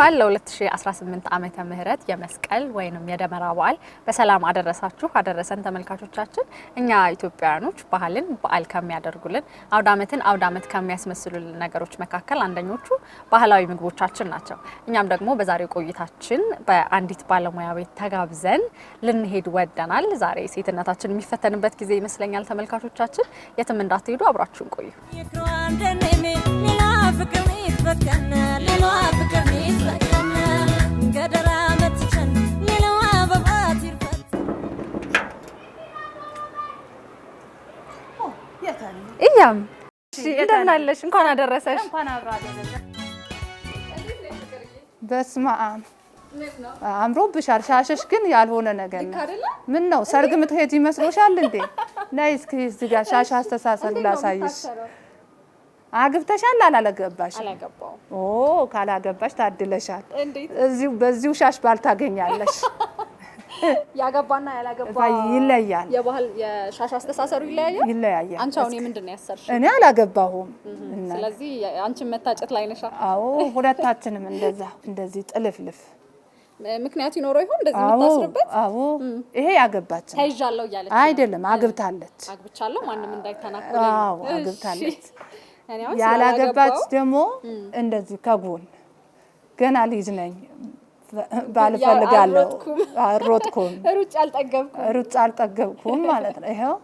እንኳን ለ2018 ዓመተ ምህረት የመስቀል ወይም የደመራ በዓል በሰላም አደረሳችሁ አደረሰን ተመልካቾቻችን። እኛ ኢትዮጵያውያኖች ባህልን በዓል ከሚያደርጉልን አውደ ዓመትን አውደ ዓመት ከሚያስመስሉልን ነገሮች መካከል አንደኞቹ ባህላዊ ምግቦቻችን ናቸው። እኛም ደግሞ በዛሬው ቆይታችን በአንዲት ባለሙያ ቤት ተጋብዘን ልንሄድ ወደናል። ዛሬ ሴትነታችን የሚፈተንበት ጊዜ ይመስለኛል። ተመልካቾቻችን የትም እንዳትሄዱ፣ አብራችሁን ቆዩ። እያም እንደምን አለሽ? እንኳን አደረሰሽ። በስመ አብ አምሮብሻል። ሻሸሽ ግን ያልሆነ ነገር ነው። ምን ነው ሰርግ ምትሄጂ ይመስሎሻል እንዴ? ነይ እስኪ እዚህ ጋር ሻሽ አስተሳሰር ላሳይሽ። አግብተሻል አላለገባሽ? አላገባው። ኦ ካላገባሽ ታድለሻል። እንዴት እዚሁ በዚሁ ሻሽ ባልታገኛለሽ። ያገባና ያላገባ ይለያል። የባህል የሻሽ አስተሳሰሩ ይለያያል ይለያያል። አንቺ አሁን የምንድን ነው ያሰርሽ? እኔ አላገባሁም። ስለዚህ አንቺ መታጨት ላይ ነሻ? አዎ፣ ሁለታችንም እንደዛ እንደዚህ ጥልፍልፍ ምክንያት ይኖረው ይሆን እንደዚህ የምታስርበት? አዎ ይሄ ያገባች ተይዣለሁ እያለች አይደለም፣ አግብታለች። አግብቻለሁ ማንም እንዳይተናኮለኝ። አዎ አግብታለች። ያላገባች ደግሞ mm. እንደዚህ ከጎን ገና ልጅ ነኝ ባልፈልጋለሁ ሮጥኩም ሩጫ አልጠገብኩም፣ ሩጫ አልጠገብኩም ማለት ነው። ይኸው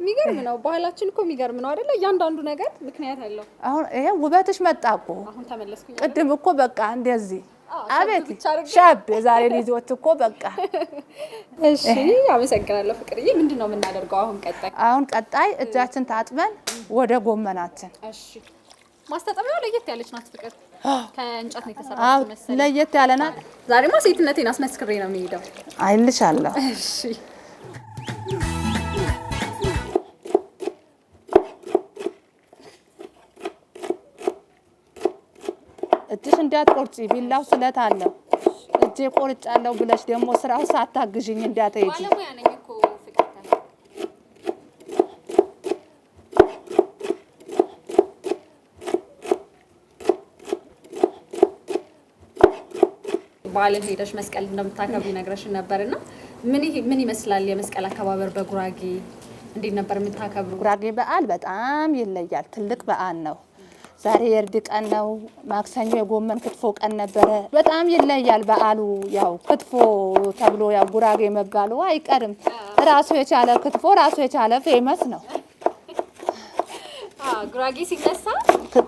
የሚገርም ነው ባህላችን እኮ የሚገርም ነው አይደለ? እያንዳንዱ ነገር ምክንያት አለው። አሁን ይሄ ውበትሽ መጣ እኮ ቅድም እኮ በቃ እንደዚህ አቤት ሻብ የዛሬ ልጆች እኮ በቃ። እሺ አመሰግናለሁ ፍቅርዬ። ምንድን ነው የምናደርገው አሁን? ቀጣይ አሁን ቀጣይ እጃችን ታጥበን ወደ ጎመናችን ማስታጠቢያው ለየት ያለች ናት። ፍቅር ከእንጨት ነው የተሰራችው ለየት ያለ ናት። ዛሬማ ሴትነቴን አስመስክሬ ነው የሚሄደው። አይልሻለሁ። እሺ እጅሽ እንዳትቆርጪ ቢላው ስለት አለው። እጄ ቆርጫለሁ ብለሽ ደግሞ ስራው ሳታግዥኝ እንዳትሄጂ። በዓልን ሄደሽ መስቀል እንደምታከብሪ ነግረሽን ነበር እና ምን ይመስላል የመስቀል አከባበር በጉራጌ እንዴት ነበር የምታከብሩ? ጉራጌ በዓል በጣም ይለያል። ትልቅ በዓል ነው። ዛሬ የእርድ ቀን ነው። ማክሰኞ የጎመን ክትፎ ቀን ነበረ። በጣም ይለያል በዓሉ። ያው ክትፎ ተብሎ ያው ጉራጌ መባሉ አይቀርም። ራሱ የቻለ ክትፎ ራሱ የቻለ ፌመስ ነው ጉራጌ ሲነሳ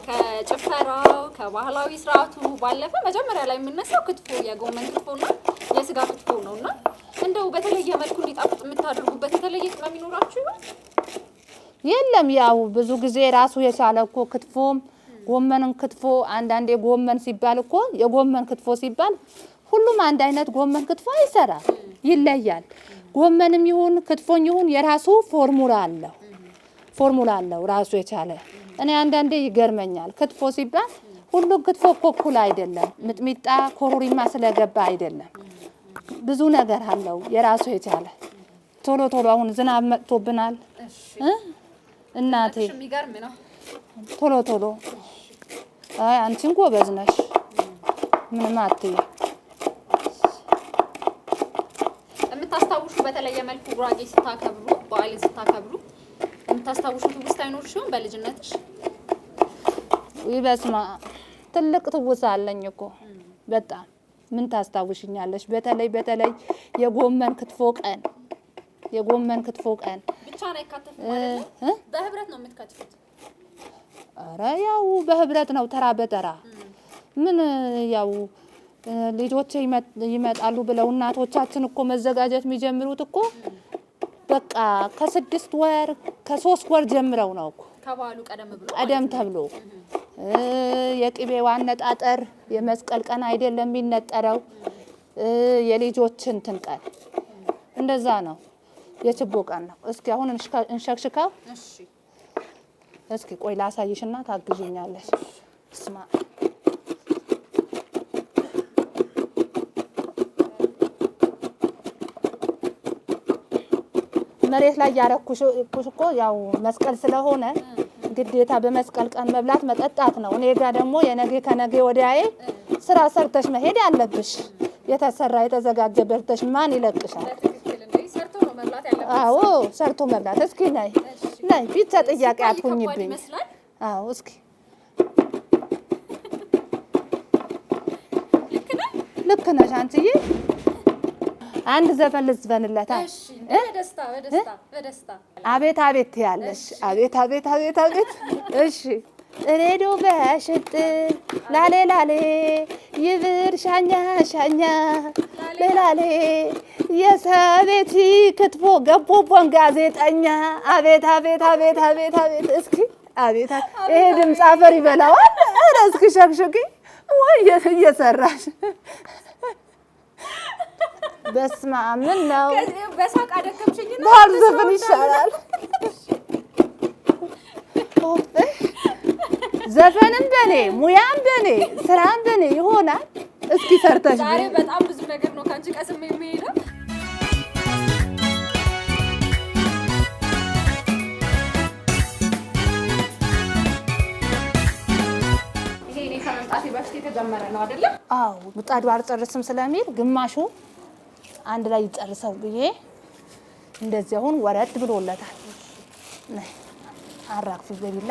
ከጭፈራው ከባህላዊ ስርዓቱ ባለፈ መጀመሪያ ላይ የምነሳው ክትፎ የጎመን ክትፎና የስጋ ክትፎ ነው እና እንደው በተለየ መልኩ እንዲጣፍጥ የምታደርጉበት የተለየ ቅመም ይኖራችሁ ይሆን? የለም ያው ብዙ ጊዜ ራሱ የቻለ እኮ ክትፎም ጎመንን ክትፎ አንዳንዴ ጎመን ሲባል እኮ የጎመን ክትፎ ሲባል ሁሉም አንድ አይነት ጎመን ክትፎ አይሰራም፣ ይለያል። ጎመንም ይሁን ክትፎኝ ይሁን የራሱ ፎርሙላ አለው። ፎርሙላ አለው ራሱ የቻለ። እኔ አንዳንዴ ይገርመኛል ክትፎ ሲባል ሁሉ ክትፎ ኮኩል አይደለም። ሚጥሚጣ ኮረሪማ ስለገባ አይደለም። ብዙ ነገር አለው የራሱ የቻለ ቶሎ ቶሎ አሁን ዝናብ መጥቶብናል እናቴ፣ ቶሎ ቶሎ አይ አንቺን ጎበዝ ነሽ ምንም አትይ። የምታስታውሹ በተለየ መልኩ ጉራጌ ስታከብሩ በዓልን ስታከብሩ የምታስታውሹ ትውስት አይኖርሽ ይሆን በልጅነትሽ? ይበስማ ትልቅ ትውስት አለኝ እኮ በጣም ምን ታስታውሽኛለሽ? በተለይ በተለይ የጎመን ክትፎ ቀን የጎመን ክትፎ ቀን ብቻ ነው የካተፈው በህብረት ነው የምትከትፉት? ኧረ ያው በህብረት ነው ተራ በተራ ምን ያው ልጆች ይመጣሉ ብለው እናቶቻችን እኮ መዘጋጀት የሚጀምሩት እኮ በቃ ከስድስት ወር ከሶስት ወር ጀምረው ነው እኮ ቀደም ተብሎ የቅቤ አነጣጠር የመስቀል ቀን አይደለም የሚነጠረው፣ የልጆች እንትን ቀን እንደዛ ነው። የችቦ ቀን ነው። እስኪ አሁን እንሸክሽከው እስኪ ቆይ ላሳይሽና ታግዥኛለሽ። ስማ መሬት ላይ ያረኩሽ እኮ ያው መስቀል ስለሆነ ግዴታ በመስቀል ቀን መብላት መጠጣት ነው። እኔ ጋ ደግሞ የነገ ከነገ ወዲያዬ ስራ ሰርተሽ መሄድ ያለብሽ የተሰራ የተዘጋጀ በርተሽ ማን ይለቅሻል? አዎ ሰርቶ መብላት። እስኪ ነይ ነይ፣ ብቻ ጥያቄ አትሁኝብኝ። አዎ እስኪ ልክ ነሽ አንቺዬ። አንድ ዘፈን ልዝፈንለታል። አቤት አቤት ያለሽ አቤት አቤት አቤት አቤት። እሺ ጥሬዶ በሽጥ ላሌ ላሌ ይብር ሻኛ ሻኛ ላሌ የሰቤቲ ክትፎ ገቦቦን ጋዜጠኛ አቤት አቤት አቤት አቤት አቤት። እስኪ አቤት ይሄ ድምፅ አፈር ይበላዋል። ኧረ እስኪ ሸግሽጊ ወይ እየሰራሽ በስመ አብ ምን ነው በሳቅ አደከምሽኝ። ባህል ዘፈን ይሻላል። ዘፈንም በኔ ሙያም በኔ ስራም በኔ ይሆናል። እስኪ ሰርተሽ ዛሬ በጣም ብዙ ነገር ነው ከአንቺ ቀስም የሚሄደው። ከመምጣቴ በፊት የተጀመረ ነው አይደለም? አዎ ምጣዱ አልጨርስም ስለሚል ግማሹ አንድ ላይ ይጨርሰው ብዬ እንደዚህ አሁን ወረድ ብሎለታል። አራግፊ ዘቢላ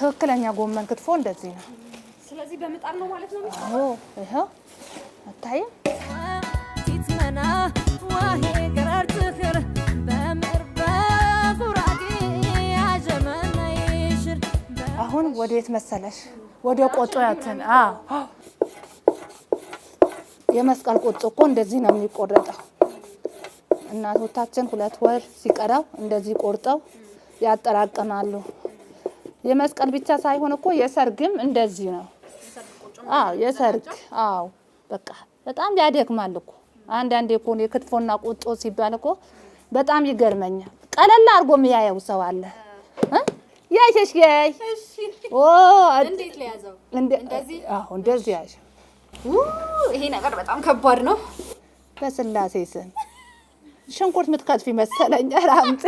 ትክክለኛ ጎመን ክትፎ እንደዚህ ነው። ስለዚህ በምጣድ ነው ማለት ነው። አዎ ይኸው አታይም። አሁን ወዴት መሰለሽ? ወደ ቆጦ ያትን የመስቀል ቁጡ እኮ እንደዚህ ነው የሚቆረጠው። እናቶቻችን ሁለት ወር ሲቀራው እንደዚህ ቆርጠው ያጠራቅማሉ። የመስቀል ብቻ ሳይሆን እኮ የሰርግም እንደዚህ ነው። አዎ የሰርግ አዎ፣ በቃ በጣም ያደክማል እኮ አንዳንዴ እኮ የክትፎና ቁጦ ሲባል እኮ በጣም ይገርመኛል። ቀለል አድርጎ የሚያየው ሰው አለ። ያሸሽ ያይ ኦ እንዴት ለያዘው እንደዚህ አዎ እንደዚህ ያሽ ይሄ ነገር በጣም ከባድ ነው። በስላሴ ስም ሽንኩርት ምትከትፊ መሰለኝ። አምጥ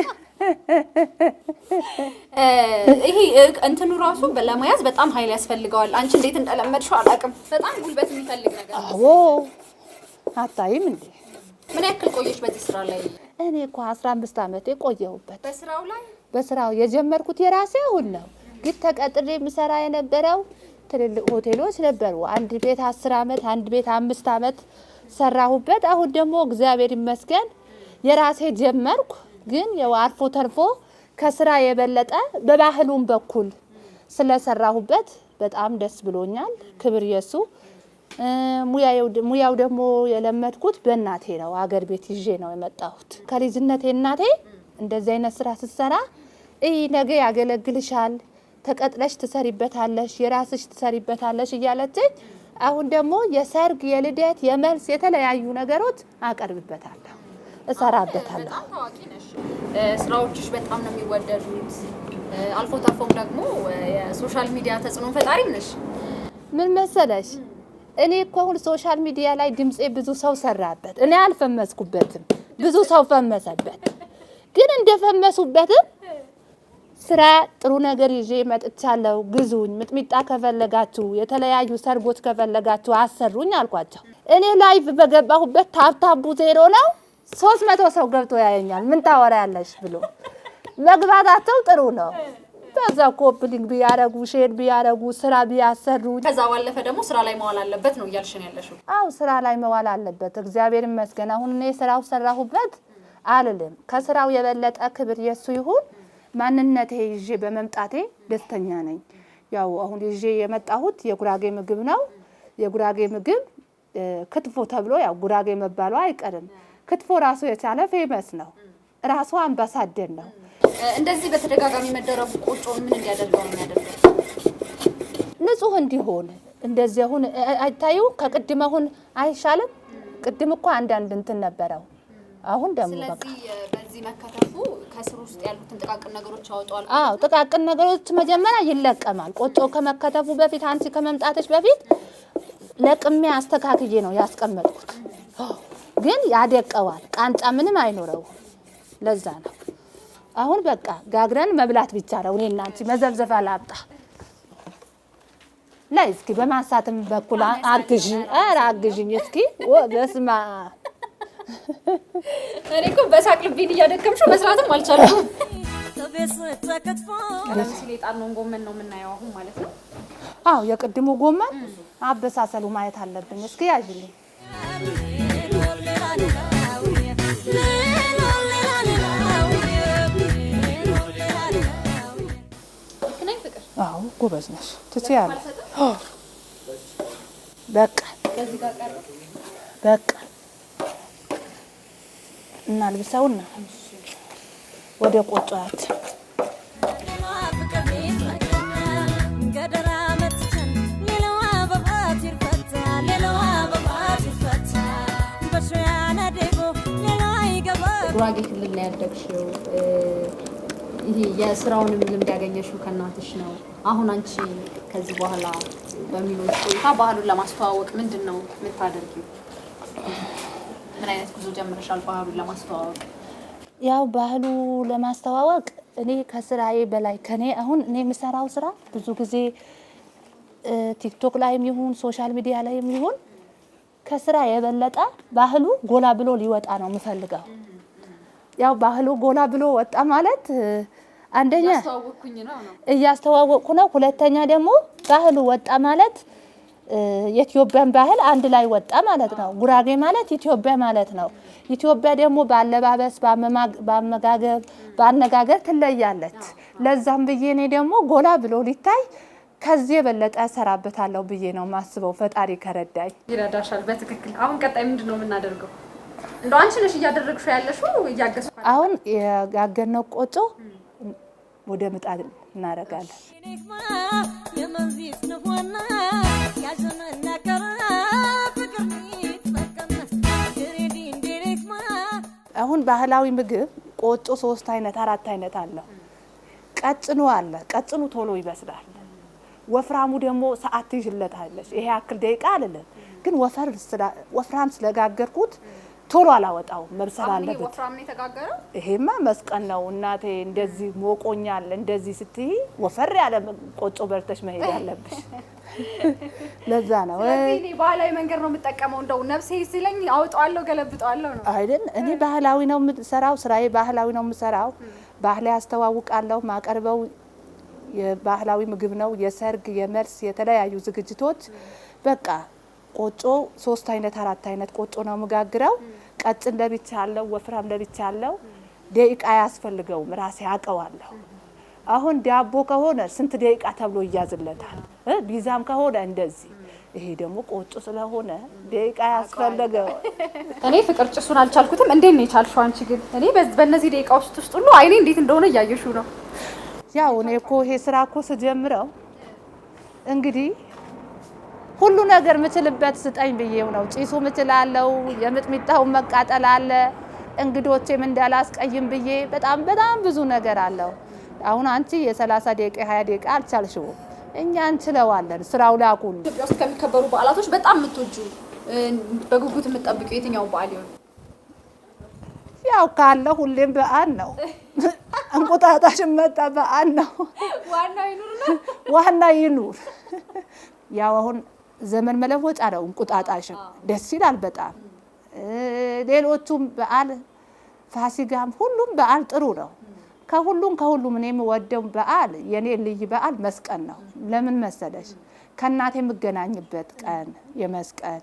ይሄ እንትኑ ራሱ ለመያዝ በጣም ኃይል ያስፈልገዋል። አንቺ እንዴት እንደለመድሽው አላውቅም። በጣም ጉልበት የሚፈልግ ነገር። አዎ አታይም እንዴ? ምን ያክል ቆየሽ በዚህ ስራ ላይ? እኔ እኮ አስራ አምስት ዓመቴ ቆየሁበት በስራው ላይ በስራው የጀመርኩት የራሴ አሁን ነው። ግን ተቀጥሬ የምሰራ የነበረው ትልልቅ ሆቴሎች ነበሩ። አንድ ቤት አስር ዓመት አንድ ቤት አምስት አመት ሰራሁበት። አሁን ደግሞ እግዚአብሔር ይመስገን የራሴ ጀመርኩ። ግን ያው አልፎ ተርፎ ከስራ የበለጠ በባህሉም በኩል ስለሰራሁበት በጣም ደስ ብሎኛል። ክብር የሱ። ሙያው ደግሞ የለመድኩት በእናቴ ነው። አገር ቤት ይዤ ነው የመጣሁት። ከልጅነቴ እናቴ እንደዚህ አይነት ስራ ስትሰራ ይህ ነገ ያገለግልሻል፣ ተቀጥለሽ ትሰሪበታለሽ፣ የራስሽ ትሰሪበታለሽ እያለችኝ አሁን ደግሞ የሰርግ የልደት የመልስ የተለያዩ ነገሮች አቀርብበታለሁ፣ እሰራበታለሁ። ስራዎችሽ በጣም ነው የሚወደዱት። አልፎ ተርፎም ደግሞ የሶሻል ሚዲያ ተጽዕኖ ፈጣሪም ነሽ። ምን መሰለሽ እኔ እኮ አሁን ሶሻል ሚዲያ ላይ ድምፄ ብዙ ሰው ሰራበት፣ እኔ አልፈመስኩበትም፣ ብዙ ሰው ፈመሰበት። ግን እንደፈመሱበትም ስራ ጥሩ ነገር ይዤ መጥቻለሁ፣ ግዙኝ፣ ምጥሚጣ ከፈለጋችሁ፣ የተለያዩ ሰርጎች ከፈለጋችሁ አሰሩኝ አልኳቸው። እኔ ላይቭ በገባሁበት ታብታቡ ዜሮ ነው። ሶስት መቶ ሰው ገብቶ ያየኛል። ምን ታወራ ያለሽ ብሎ መግባታቸው ጥሩ ነው። ከዛ ኮፕሊንግ ቢያረጉ ሼድ ቢያረጉ ስራ ቢያሰሩ፣ ከዛ ባለፈ ደግሞ ስራ ላይ መዋል አለበት ነው እያልሽ ያለሽው? አዎ ስራ ላይ መዋል አለበት። እግዚአብሔር ይመስገን። አሁን እኔ ስራው ሰራሁበት አልልም። ከስራው የበለጠ ክብር የሱ ይሁን። ማንነቴ ይዤ በመምጣቴ ደስተኛ ነኝ። ያው አሁን ይዤ የመጣሁት የጉራጌ ምግብ ነው። የጉራጌ ምግብ ክትፎ ተብሎ ያው ጉራጌ መባሉ አይቀርም። ክትፎ ራሱ የቻለ ፌመስ ነው። ራሱ አምባሳደር ነው። እንደዚህ በተደጋጋሚ መደረጉ ቆጮ ምን እንዲያደርገው የሚያደርገው ንጹህ እንዲሆን እንደዚህ አሁን አይታዩ ከቅድም አሁን አይሻልም። ቅድም እኮ አንዳንድ እንትን ነበረው አሁን ደግሞ ስለዚህ በዚህ መከተፉ ከስር ውስጥ ያሉትን ጥቃቅን ነገሮች ያወጣዋል። አዎ ጥቃቅን ነገሮች መጀመሪያ ይለቀማል። ቆጮ ከመከተፉ በፊት አንቺ ከመምጣትሽ በፊት ለቅሜ አስተካክዬ ነው ያስቀመጥኩት። ግን ያደቀዋል፣ ቃንጫ ምንም አይኖረው ለዛ ነው አሁን በቃ ጋግረን መብላት ብቻ ነው። እኔ እና አንቺ መዘብዘፍ አላብጣ ላይ እስኪ በማንሳትም በኩል አግዥኝ፣ ኧረ አግዥኝ እስኪ በስማ እኔ እኮ በሳቅ ልቤን እያደከምሽው መስራትም አልቻልኩም። ጣን ነው ጎመን ነው የምናየው አሁን ማለት ነው። አዎ የቅድሙ ጎመን አበሳሰሉ ማየት አለብኝ። እስኪ ያዥልኝ። አዎ ጎበዝ ነሽ። ትችያለሽ። በቃ በቃ እናልብሰውና ወደ ቆጫት ጉራጌ ክልል ነው ያደግሽው። ይሄ የስራውንም ልምድ ያገኘሽው ከእናትሽ ነው። አሁን አንቺ ከዚህ በኋላ በሚኖር ቆይታ ባህሉን ለማስተዋወቅ ምንድን ነው የምታደርጊው? አይነት ጉዞ ጀምረሻል ባህሉን ለማስተዋወቅ? ያው ባህሉ ለማስተዋወቅ እኔ ከስራዬ በላይ ከኔ አሁን እኔ የምሰራው ስራ ብዙ ጊዜ ቲክቶክ ላይም ይሁን ሶሻል ሚዲያ ላይም ይሁን ከስራ የበለጠ ባህሉ ጎላ ብሎ ሊወጣ ነው የምፈልገው። ያው ባህሉ ጎላ ብሎ ወጣ ማለት አንደኛ እያስተዋወቅኩ ነው፣ ሁለተኛ ደግሞ ባህሉ ወጣ ማለት የኢትዮጵያን ባህል አንድ ላይ ወጣ ማለት ነው። ጉራጌ ማለት ኢትዮጵያ ማለት ነው። ኢትዮጵያ ደግሞ በአለባበስ፣ በአመጋገብ፣ በአነጋገር ትለያለች። ለዛም ብዬ እኔ ደግሞ ጎላ ብሎ ሊታይ ከዚህ የበለጠ ሰራበታለሁ ብዬ ነው ማስበው። ፈጣሪ ከረዳኝ ይረዳሻል። በትክክል አሁን ቀጣይ ምንድን ነው የምናደርገው? እንደ አንቺ ነሽ እያደረግሽ ያለሽው እያገዝ አሁን ያገነው ቆጮ ወደ ምጣድ እናደርጋለን። አሁን ባህላዊ ምግብ ቆጮ ሶስት አይነት አራት አይነት አለው። ቀጭኑ አለ። ቀጭኑ ቶሎ ይበስላል። ወፍራሙ ደግሞ ሰዓት ትይዝለታለች። ይሄ ያክል ደቂቃ አይደለም ግን ወፍራም ስለጋገርኩት ቶሎ አላወጣውም። መብሰል አለበት። ይሄማ መስቀል ነው እናቴ። እንደዚህ ሞቆኛል። እንደዚህ ስትይ ወፈር ያለ ቆጮ በርተሽ መሄድ አለብሽ። ለዛ ነው ባህላዊ መንገድ ነው የምጠቀመው። እንደው ነፍሴ ሲለኝ አውጠዋለሁ፣ ገለብጠዋለሁ ነው አይደል? እኔ ባህላዊ ነው የምሰራው፣ ስራዬ ባህላዊ ነው የምሰራው። ባህላዊ አስተዋውቃለሁ። ማቀርበው የባህላዊ ምግብ ነው። የሰርግ፣ የመልስ፣ የተለያዩ ዝግጅቶች በቃ ቆጮ ሶስት አይነት አራት አይነት ቆጮ ነው የምጋግረው። ቀጭን ለብቻ አለው፣ ወፍራም ለብቻ አለው። ደቂቃ አያስፈልገውም። ራሴ አውቀዋለሁ። አሁን ዳቦ ከሆነ ስንት ደቂቃ ተብሎ ይያዝለታል። ቢዛም ከሆነ እንደዚህ ይሄ ደግሞ ቆጮ ስለሆነ ደቂቃ ያስፈለገ። እኔ ፍቅር ጭሱን አልቻልኩትም። እንዴት ነው የቻልሽው አንቺ? ግን እኔ በእነዚህ ደቂቃ ውስጥ ውስጥ ሁሉ አይኔ እንዴት እንደሆነ እያየሹ ነው። ያው እኔ እኮ ይሄ ስራ እኮ ስጀምረው እንግዲህ ሁሉ ነገር ምችልበት ስጠኝ ብዬው ነው። ጭሱ ምችላለው፣ የምጥሚጣው መቃጠል አለ፣ እንግዶቼም እንዳላስቀይም ብዬ በጣም በጣም ብዙ ነገር አለው። አሁን አንቺ የሰላሳ ደቂቃ የሀያ ደቂቃ አልቻልሽውም፣ እኛ እንችለዋለን። ስራው ላኩን። ኢትዮጵያ ውስጥ ከሚከበሩ በዓላቶች በጣም የምትወጁ በጉጉት የምትጠብቂው የትኛው በዓል ይሆን? ያው ካለ ሁሌም በዓል ነው። እንቁጣጣሽ መጣ በዓል ነው። ዋና ይኑር። ያው አሁን ዘመን መለወጫ ነው። እንቁጣጣሽ ደስ ይላል በጣም ሌሎቹም በዓል ፋሲጋም ሁሉም በዓል ጥሩ ነው። ከሁሉም ከሁሉም እኔ የምወደው በዓል የኔ ልዩ በዓል መስቀል ነው። ለምን መሰለሽ ከእናቴ የምገናኝበት ቀን የመስቀል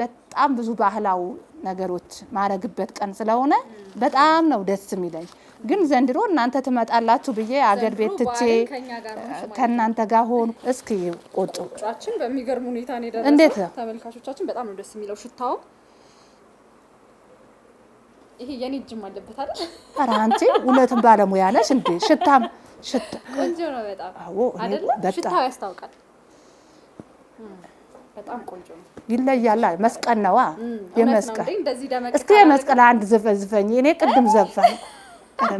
በጣም ብዙ ባህላዊ ነገሮች ማረግበት ቀን ስለሆነ በጣም ነው ደስ የሚለኝ። ግን ዘንድሮ እናንተ ትመጣላችሁ ብዬ አገር ቤት ትቼ ከእናንተ ጋር ሆኑ። እስኪ ቆጡ በሚገርም ሁኔታ እንዴት ነው ተመልካቾቻችን፣ በጣም ነው ደስ የሚለው ሽታው ይሄ የኔ እጅም አለበት አይደል? ኧረ አንቺ እውነትም ባለሙያ ነሽ እንዴ! ሽታም ሽታ ቆንጆ ነው በጣም አዎ፣ አይደል? ሽታው ያስታውቃል። በጣም ቆንጆ ነው። ይለያል። መስቀል ነዋ የመስቀል እስኪ የመስቀል አንድ ዘፈን ዝፈኝ። እኔ ቅድም ዘፈን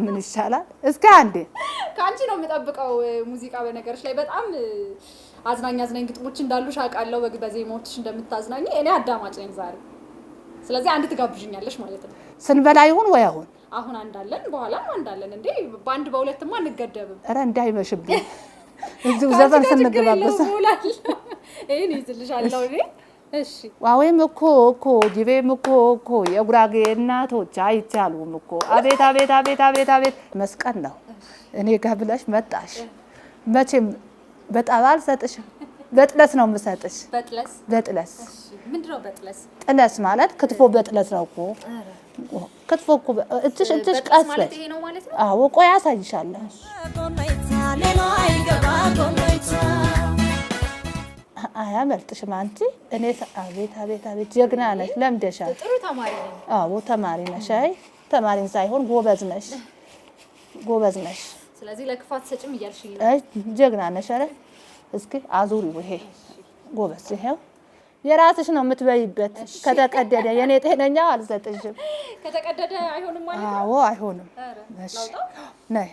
ምን ይሻላል? እስከ አንዴ ከአንቺ ነው የምጠብቀው ሙዚቃ። በነገርሽ ላይ በጣም አዝናኝ አዝናኝ ግጥሞች እንዳሉሽ አውቃለሁ። በዜማዎችሽ እንደምታዝናኝ እኔ አዳማጭ ነኝ ዛሬ። ስለዚህ አንድ ትጋብዥኛለሽ ማለት ነው ስንበላ ይሁን ወይ አሁን አሁን አንዳለን በኋላም አንዳለን እንዴ በአንድ በሁለትማ አንገደብም። ኧረ እንዳይመሽብኝ እዚሁ ዘፈን ስንገባበሰ ይህን ይዝልሻለሁ እኔ ዋወይም እኮ እኮ ጅቤም እኮ እኮ የጉራጌ እናቶች አይቻሉም እኮ አቤት አቤት አቤት አቤት አቤት መስቀል ነው። እኔ ጋር ብለሽ መጣሽ። መቼም በጠባ አልሰጥሽም፣ በጥለስ ነው የምሰጥሽ። በጥለስ በጥለስ ጥለስ ማለት ክትፎ በጥለስ ነው እኮ ክትፎ እኮ እትሽ እትሽ ቀስ በይ። አዎ ቆይ አሳይሻለሁ። አያመልጥሽም አንቺ። እኔ አቤት አቤት አቤት ጀግና ነሽ፣ ለምደሻል። አዎ ተማሪ ነሽ። አይ ተማሪን ሳይሆን ጎበዝ ነሽ፣ ጎበዝ ነሽ። ስለዚህ ለክፋት ሰጭም እያልሽ ጀግና ነሽ። እስኪ አዙሪው ይሄ ጎበዝ ይሄው የራስሽ ነው የምትበይበት። ከተቀደደ የኔ ጤነኛ አልሰጥሽም። ከተቀደደ አይሆንም ማለት ነው። አዎ አይሆንም። እሺ ነይ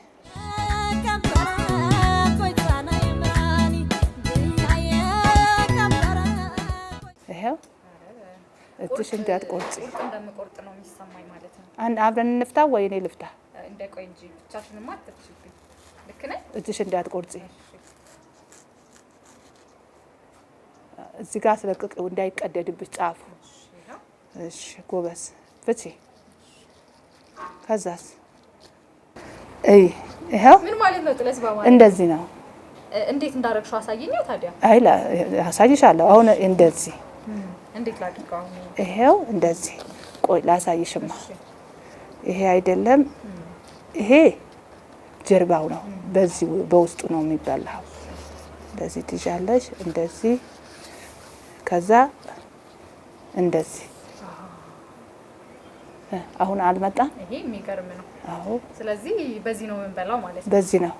ይኸው እጅሽ እንዳትቆርጪ እንደምቆርጥ ነው የሚሰማኝ ማለት ነው። አንድ አብረን እንፍታ ወይ እኔ ልፍታ። እንዳይቆይ እንጂ ብቻሽንማ አትፍቺብኝ። ልክ ነህ። እጅሽ እንዳትቆርጪ እዚህ ጋር አስለቅቄው እንዳይቀደድብሽ ጫፉ። እሺ ጎበዝ ፍቺ። ከዛስ እይ ይኸው እንደዚህ ነው። እንዴት እንዳደረግሽው አሳየኝ። ታዲያ አይ አሳይሻለሁ። አሁን እንደዚህ እንዴት ላድርገው? ይሄው እንደዚህ ቆይ ላሳይሽማ። ይሄ አይደለም ይሄ ጀርባው ነው። በዚህ በውስጡ ነው የሚበላው። እንደዚህ ትይዣለሽ እንደዚህ ከዛ እንደዚህ አሁን አልመጣም። ይሄ የሚገርም ነው። አዎ፣ ስለዚህ በዚህ ነው የምንበላው ማለት ነው። በዚህ ነው።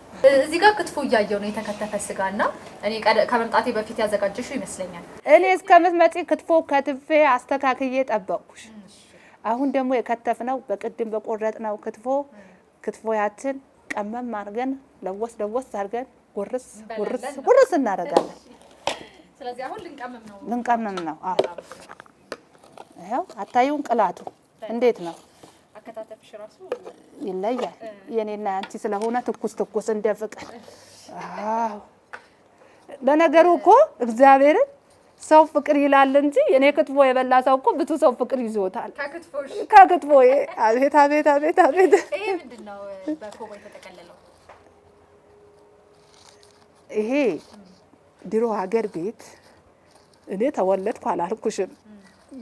እዚህ ጋር ክትፎ እያየው ነው የተከተፈ ስጋ እና እኔ ከመምጣቴ በፊት ያዘጋጀሹ ይመስለኛል። እኔ እስከምትመጪ ክትፎ ከትፌ አስተካክዬ ጠበቅኩሽ። አሁን ደግሞ የከተፍ ነው በቅድም በቆረጥ ነው ክትፎ ክትፎ ያችን ቀመም አድርገን ለወስ ለወስ አድርገን ጉርስ ጉርስ ጉርስ እናደርጋለን። ስለዚህ አሁን ልንቀምም ነው። ልንቀምም ነው። ይኸው አታዩን ቅላቱ እንዴት ነው? አከታተፍሽ ራሱ ይለያል። የኔና አንቺ ስለሆነ ትኩስ ትኩስ እንደ ፍቅር። በነገሩ እኮ እግዚአብሔርን ሰው ፍቅር ይላል እንጂ የኔ ክትፎ የበላ ሰው እኮ ብዙ ሰው ፍቅር ይዞታል። ከክትፎ አቤት አቤት አቤት አቤት! ይሄ ድሮ ሀገር ቤት እኔ ተወለድኩ አላልኩሽም።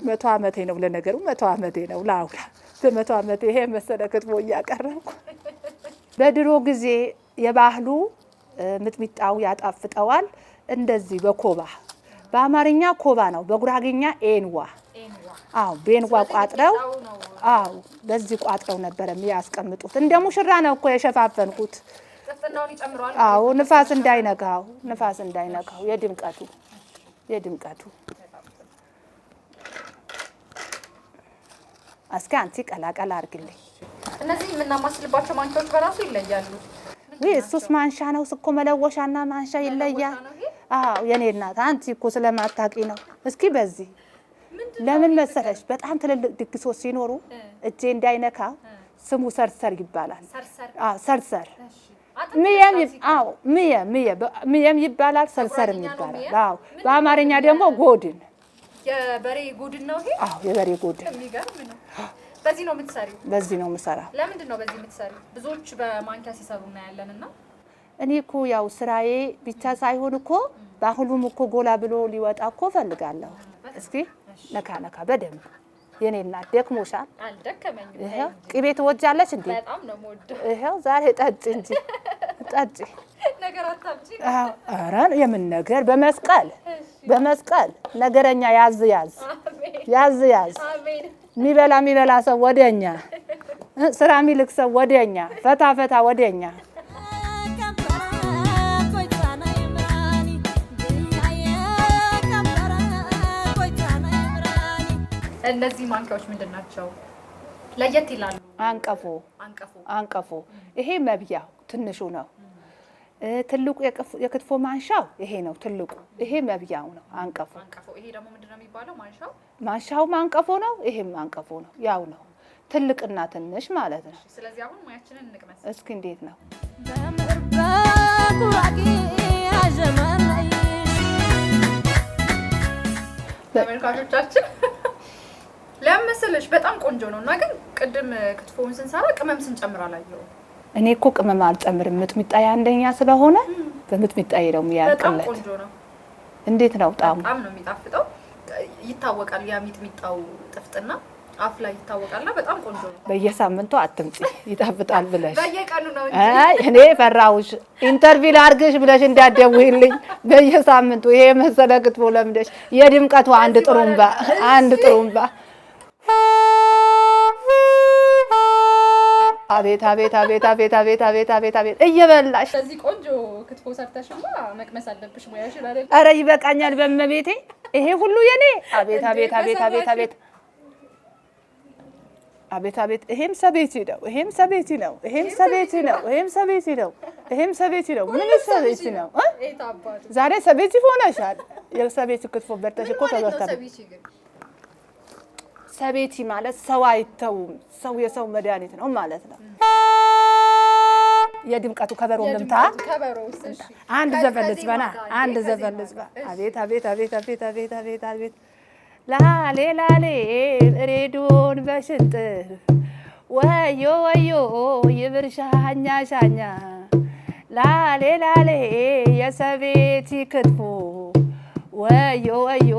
መቶ ዓመቴ ነው። ለነገሩ መቶ ዓመቴ ነው። ላውላ በመቶ ዓመቴ ይሄ መሰለ ክትፎ እያቀረብኩ በድሮ ጊዜ የባህሉ ሚጥሚጣው ያጣፍጠዋል። እንደዚህ በኮባ በአማርኛ ኮባ ነው፣ በጉራጌኛ ኤንዋ። አዎ ቤንዋ ቋጥረው፣ አዎ በዚህ ቋጥረው ነበር የሚያስቀምጡት። እንደ ሙሽራ ነው እኮ የሸፋፈንኩት አዎ ንፋስ እንዳይነካው ንፋስ እንዳይነካው የድምቀቱ የድምቀቱ እስኪ አንቺ ቀላቀላ አድርግልኝ። እነዚህ የምናማስልባቸው ማንሻዎች በራሱ ይለያሉ። ይህ እሱስ ማንሻ ነው እኮ መለወሻና ማንሻ ይለያል። አዎ የኔ እናት አንቺ እኮ ስለማታውቂ ነው። እስኪ በዚህ ለምን መሰለሽ በጣም ትልልቅ ድግሶች ሲኖሩ እጄ እንዳይነካ ስሙ ሰርሰር ይባላል። አዎ ሰርሰር ምየም ይባላል፣ ሰርሰርም ይባላል። አዎ በአማርኛ ደግሞ ጎድን የበሬ ጎድን ነው። ይሄ አዎ የበሬ ጎድን የሚገርም ነው። በዚህ ነው የምትሰሪው? በዚህ ነው የምሰራው። ለምንድን ነው በዚህ የምትሰሪው? ብዙዎች በማንኪያ ሲሰሩ እናያለን እና እኔ እኮ ያው ስራዬ ብቻ ሳይሆን እኮ በአሁሉም እኮ ጎላ ብሎ ሊወጣ እኮ እፈልጋለሁ። እስኪ ነካ ነካ በደንብ የኔ እናት ደክሞሻል? አልደከመኝም። ይኸው ቅቤ ትወጃለሽ እንዴ? በጣም ነው የምወደው። ይኸው ዛሬ ጠጪ እንጂ ጠጪ። ነገር አታምጪ። ኧረ የምን ነገር በመስቀል በመስቀል ነገረኛ ያዝ ያዝ ያዝ ያዝ። የሚበላ የሚበላ ሰው ወደኛ፣ ስራ የሚልክ ሰው ወደኛ፣ ፈታ ፈታ ወደኛ እነዚህ ማንኪያዎች ምንድን ናቸው? ለየት ይላሉ። አንቀፎ አንቀፎ፣ ይሄ መብያው ትንሹ ነው። ትልቁ የክትፎ ማንሻው ይሄ ነው። ትልቁ ይሄ መብያው ነው፣ አንቀፎ። ይሄ ደግሞ ምንድን ነው የሚባለው? ማንሻው ማንሻው አንቀፎ ነው። ይሄም አንቀፎ ነው። ያው ነው፣ ትልቅና ትንሽ ማለት ነው። ስለዚህ አሁን ሙያችንን እንቅመስ እስኪ። እንዴት ነው ተመልካቾቻችን? ለምን መሰለሽ በጣም ቆንጆ ነው እና ግን ቅድም ክትፎውን ስንሰራ ቅመም ስንጨምር አላየሁም። እኔ እኮ ቅመም አልጨምርም። ምጥሚጣ አንደኛ ስለሆነ በምጥሚጣ ነው የሚያቀለት። እንዴት ነው ጣሙ? በጣም ነው የሚጣፍጠው። ይታወቃል ያ ሚጥሚጣው ጥፍጥና አፍ ላይ ይታወቃልና በጣም ቆንጆ ነው። በየሳምንቱ አትምጪ ይጣፍጣል ብለሽ በየቀኑ ነው እንጂ እኔ ፈራሁሽ። ኢንተርቪው ላርግሽ ብለሽ እንዳትደውይልኝ። በየሳምንቱ ይሄ መሰለ ክትፎ ለምደሽ የድምቀቱ አንድ ጥሩምባ አንድ ጥሩምባ አቤት አቤት አቤት አቤት አቤት አቤት አቤት አቤት እየበላሽ ስለዚህ ቆንጆ ክትፎ ሰርተሽማ መቅመስ አለብሽ። ሙያሽ አይደል? አረ ይበቃኛል በመቤቴ ይሄ ሁሉ የኔ። አቤት አቤት አቤት አቤት አቤት አቤት አቤት ይሄም ሰቤቲ ነው። ይሄም ሰቤቲ ነው። ይሄም ሰቤቲ ነው። ይሄም ሰቤቲ ነው። ይሄም ሰቤቲ ነው። ምን ሰቤቲ ነው? ዛሬ ሰቤቲ ሆነሻል። የሰቤቲ ክትፎ በርተሽ እኮ ተዘርታ ሰቤቲ ማለት ሰው አይተውም፣ ሰው የሰው መድኃኒት ነው ማለት ነው። የድምቀቱ ከበሮ ልምታ አንድ ዘፈን ልዝበና አንድ ዘፈን ልዝባ። አቤት አቤት አቤት አቤት አቤት አቤት አቤት ላሌ ላሌ ሬዲዮን በሽንጥር ወዮ ወዮ ይብር ሻኛ ሻኛ ላሌ ላሌ የሰቤቲ ክትፎ ወዮ ወዮ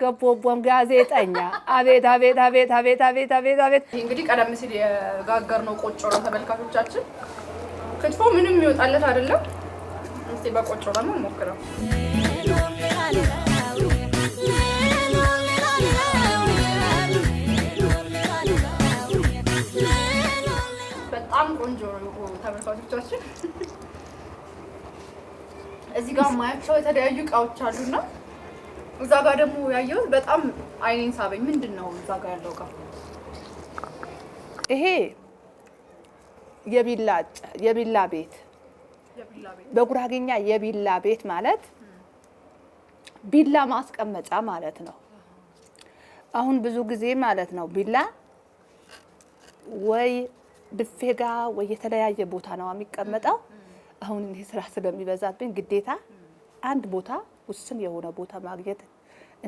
ገቦቦም ጋዜጠኛ አቤት አቤት አቤት አቤት አቤት አቤት አቤት። እንግዲህ ቀደም ሲል የጋገርነው ቆጮ ነው ተመልካቾቻችን። ክትፎ ምንም ይወጣለት አይደለም። እስቲ በቆጮ ደግሞ እንሞክረው። በጣም ቆንጆ ተመልካቾቻችን እዚህ ጋር ማያቸው የተለያዩ እቃዎች አሉና እዛ ጋር ደግሞ ያየሁት በጣም አይኔን ሳበኝ። ምንድን ነው እዛ ጋር ያለው እቃ? ይሄ የቢላ ቤት በጉራጌኛ የቢላ ቤት ማለት ቢላ ማስቀመጫ ማለት ነው። አሁን ብዙ ጊዜ ማለት ነው ቢላ ወይ ብፌ ጋ ወይ የተለያየ ቦታ ነው የሚቀመጠው። አሁን እኔ ስራ ስለሚበዛብኝ ግዴታ አንድ ቦታ ውስን የሆነ ቦታ ማግኘት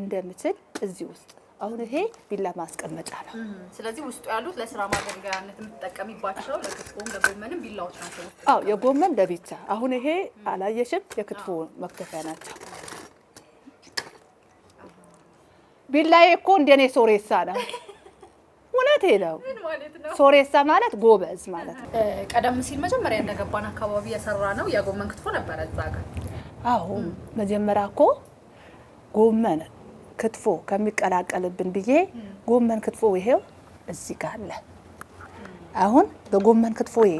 እንደምችል እዚህ ውስጥ አሁን ይሄ ቢላ ማስቀመጫ ነው። ስለዚህ ውስጡ ያሉት ለስራ ማገልገያነት የምትጠቀሚባቸው ለክትፎም ለጎመንም ቢላዎች ናቸው። አዎ የጎመን ለብቻ አሁን ይሄ አላየሽም፣ የክትፎ መክተፊያ ናቸው። ቢላዬ እኮ እንደኔ ሶሬሳ ነው። እውነት ነው። ሶሬሳ ማለት ጎበዝ ማለት ነው። ቀደም ሲል መጀመሪያ እንደገባን አካባቢ የሰራ ነው የጎመን ክትፎ ነበረ እዛ ጋር አዎ መጀመሪያ እኮ ጎመን ክትፎ ከሚቀላቀልብን ብዬ ጎመን ክትፎ ይሄው እዚህ ጋር አለ። አሁን በጎመን ክትፎዬ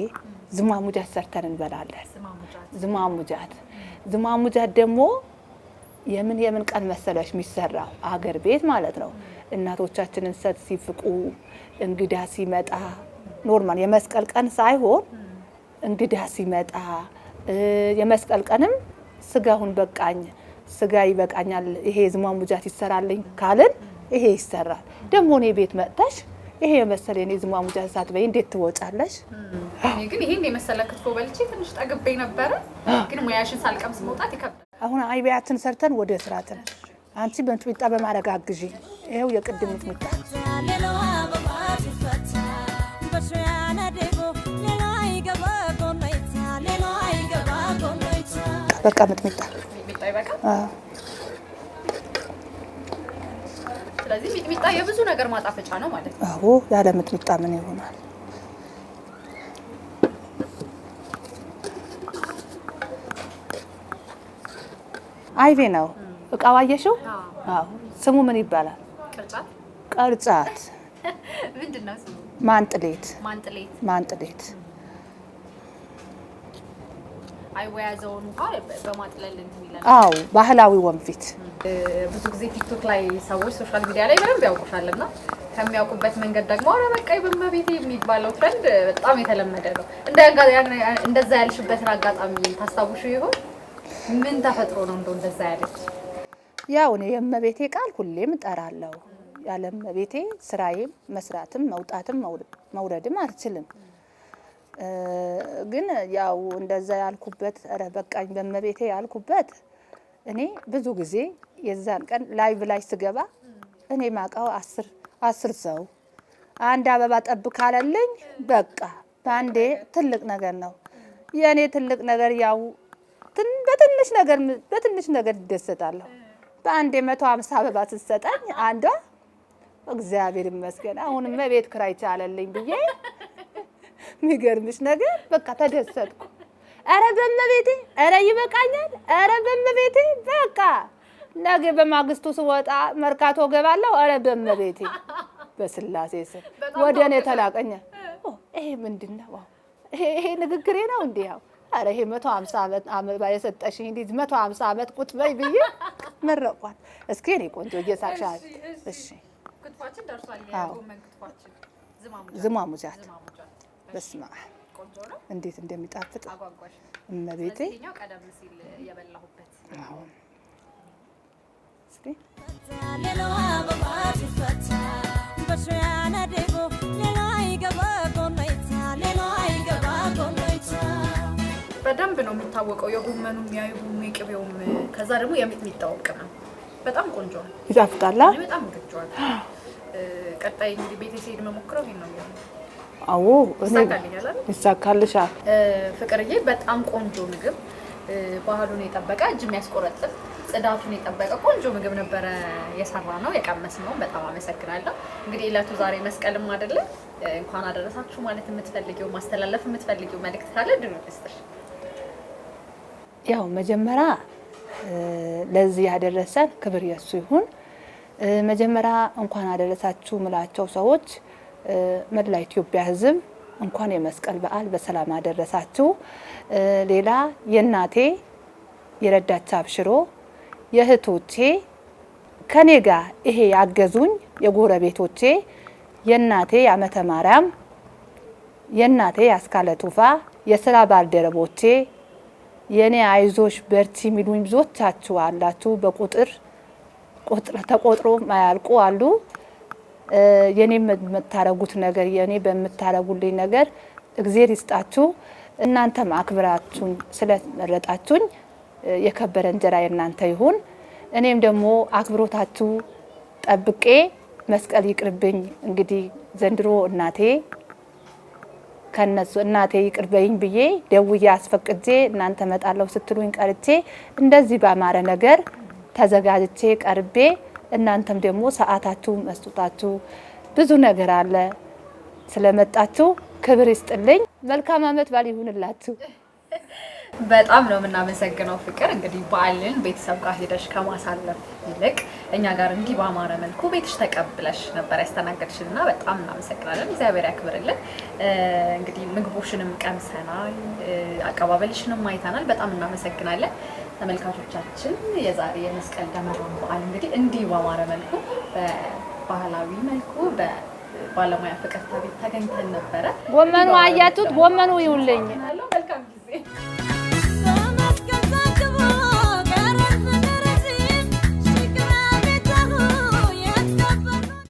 ዝማሙጃት ሰርተን እንበላለን። ዝማሙጃት ዝማሙጃት ደግሞ የምን የምን ቀን መሰለሽ የሚሰራው አገር ቤት ማለት ነው። እናቶቻችንን ሰት ሲፍቁ እንግዳ ሲመጣ ኖርማል የመስቀል ቀን ሳይሆን እንግዳ ሲመጣ የመስቀል ቀንም ስጋውን በቃኝ ስጋ ይበቃኛል፣ ይሄ የዝማን ሙጃት ይሰራልኝ ካልን ይሄ ይሰራል። ደግሞ እኔ ቤት መጥተሽ ይሄ የመሰለ የኔ ዝማን ሳት በይ እንዴት ትወጫለሽ? ግን ይሄን የመሰለ ክትፎ በልቼ ትንሽ ጠግቤ ነበረ፣ ግን ሙያሽን ሳልቀምስ መውጣት ይከብዳል። አሁን አይቢያትን ሰርተን ወደ ስራትን አንቺ በሚጥሚጣ በማድረግ አግዢ። ይኸው የቅድም ሚጥሚጣ በቃ ሚጥሚጣ ስለዚህ ሚጥሚጣ የብዙ ነገር ማጣፈጫ ነው ማለት ነው። አዎ ያለ ሚጥሚጣ ምን ይሆናል? አይቬ ነው እቃው አየሽው? አዎ ስሙ ምን ይባላል? ቅርጫት ቅርጫት ምንድን ነው ስሙ? ማንጥሌት ማንጥሌት ማንጥሌት አይወያዘውን ውሃ በማጥለል እንትን ይላል። አዎ ባህላዊ ወንፊት ብዙ ጊዜ ቲክቶክ ላይ ሰዎች ሶሻል ሚዲያ ላይ በደንብ ያውቁሻል እና ከሚያውቁበት መንገድ ደግሞ ኧረ በቃይ በመቤቴ የሚባለው ትረንድ በጣም የተለመደ ነው። እንደዛ ያልሽበትን አጋጣሚ ታስታውሹ ይሆን? ምን ተፈጥሮ ነው እንደው እንደዛ ያለች? ያው እኔ የእመቤቴ ቃል ሁሌም እጠራለሁ። ያለ እመቤቴ ስራዬም መስራትም መውጣትም መውረድም አልችልም። ግን ያው እንደዛ ያልኩበት ኧረ በቃኝ በመቤቴ ያልኩበት እኔ ብዙ ጊዜ የዛን ቀን ላይቭ ላይ ስገባ እኔ ማቃው አስር አስር ሰው አንድ አበባ ጠብካለልኝ በቃ በአንዴ ትልቅ ነገር ነው። የእኔ ትልቅ ነገር ያው በትንሽ ነገር በትንሽ ነገር ይደሰታለሁ። በአንዴ መቶ ሀምሳ አበባ ስትሰጠኝ አንዷ እግዚአብሔር ይመስገን አሁንም ቤት ክራይ ቻለልኝ ብዬ የሚገርምሽ ነገር በቃ ተደሰትኩ። ኧረ በመቤቴ ኧረ ይበቃኛል። ኧረ በመቤቴ በቃ ነገ በማግስቱ ስወጣ መርካቶ ገባለሁ። ኧረ በመቤቴ በስላሴ ስም ወደ እኔ ተላቀኛል። ይሄ ምንድን ነው? ይሄ ንግግሬ ነው እንዲ ያው አረ ይሄ መቶ ሀምሳ ዓመት የሰጠሽኝ ልጅ መቶ ሀምሳ ዓመት ቁጭ በይ ብዬ መረቋት። እስኪ እኔ ቆንጆ እየሳቅሻል። እሺ ክትፏችን ደርሷል። ዝማሙዛት በስማ እንዴት እንደሚጣፍጥ እመቤቴ። በደንብ ነው የሚታወቀው የጎመኑም የሚያዩሁም የቅቤውም ከዛ ደግሞ የሚታወቅ ነው። በጣም ቆንጆ ነው። ይጣፍጣላ። በጣም ቀጣይ እንግዲህ ቤተሰብ መሞክረው ይሄን ነው የሚሆነው አዎ ይሳካልሻል። ፍቅርዬ በጣም ቆንጆ ምግብ፣ ባህሉን የጠበቀ እጅ የሚያስቆረጥም ጽዳቱን የጠበቀ ቆንጆ ምግብ ነበረ የሰራ ነው የቀመስ ነው። በጣም አመሰግናለሁ። እንግዲህ እለቱ ዛሬ መስቀልም አይደለ? እንኳን አደረሳችሁ ማለት የምትፈልጊው ማስተላለፍ የምትፈልጊው መልእክት ካለ ያው መጀመሪያ ለዚህ ያደረሰን ክብር የሱ ይሁን። መጀመሪያ እንኳን አደረሳችሁ ምላቸው ሰዎች መላ ኢትዮጵያ ህዝብ እንኳን የመስቀል በዓል በሰላም አደረሳችሁ። ሌላ የእናቴ የረዳች አብሽሮ የእህቶቼ ከኔ ጋር ይሄ ያገዙኝ የጎረቤቶቼ የእናቴ የአመተ ማርያም የእናቴ የአስካለ ቱፋ የስራ ባልደረቦቼ የእኔ አይዞሽ በርቺ የሚሉኝ ብዙዎቻችሁ አላችሁ። በቁጥር ተቆጥሮ ማያልቁ አሉ። የኔ የምታረጉት ነገር የኔ በምታረጉልኝ ነገር እግዜር ይስጣችሁ። እናንተ ማክብራችሁን ስለመረጣችሁኝ የከበረ እንጀራ የእናንተ ይሁን። እኔም ደግሞ አክብሮታችሁ ጠብቄ መስቀል ይቅርብኝ። እንግዲህ ዘንድሮ እናቴ ከነሱ እናቴ ይቅርበኝ ብዬ ደውዬ አስፈቅጄ እናንተ መጣለሁ ስትሉኝ ቀርቼ እንደዚህ ባማረ ነገር ተዘጋጅቼ ቀርቤ እናንተም ደግሞ ሰዓታችሁ መስጦታችሁ ብዙ ነገር አለ። ስለመጣችሁ ክብር ይስጥልኝ። መልካም ዓመት በዓል ይሁንላችሁ። በጣም ነው የምናመሰግነው ፍቅር። እንግዲህ በዓልን ቤተሰብ ጋር ሄደሽ ከማሳለፍ ይልቅ እኛ ጋር እንዲህ በአማረ መልኩ ቤትሽ ተቀብለሽ ነበር ያስተናገድሽን እና በጣም እናመሰግናለን። እግዚአብሔር ያክብርልን። እንግዲህ ምግቦሽንም ቀምሰናል፣ አቀባበልሽንም አይተናል። በጣም እናመሰግናለን። ተመልካቾቻችን የዛሬ የመስቀል ደመራን በዓል እንግዲህ እንዲህ በማረ መልኩ በባህላዊ መልኩ በባለሙያ ፍቅርታ ቤት ተገኝተን ነበረ። ጎመኑ አያቱት ጎመኑ ይውልኝ። መልካም ጊዜ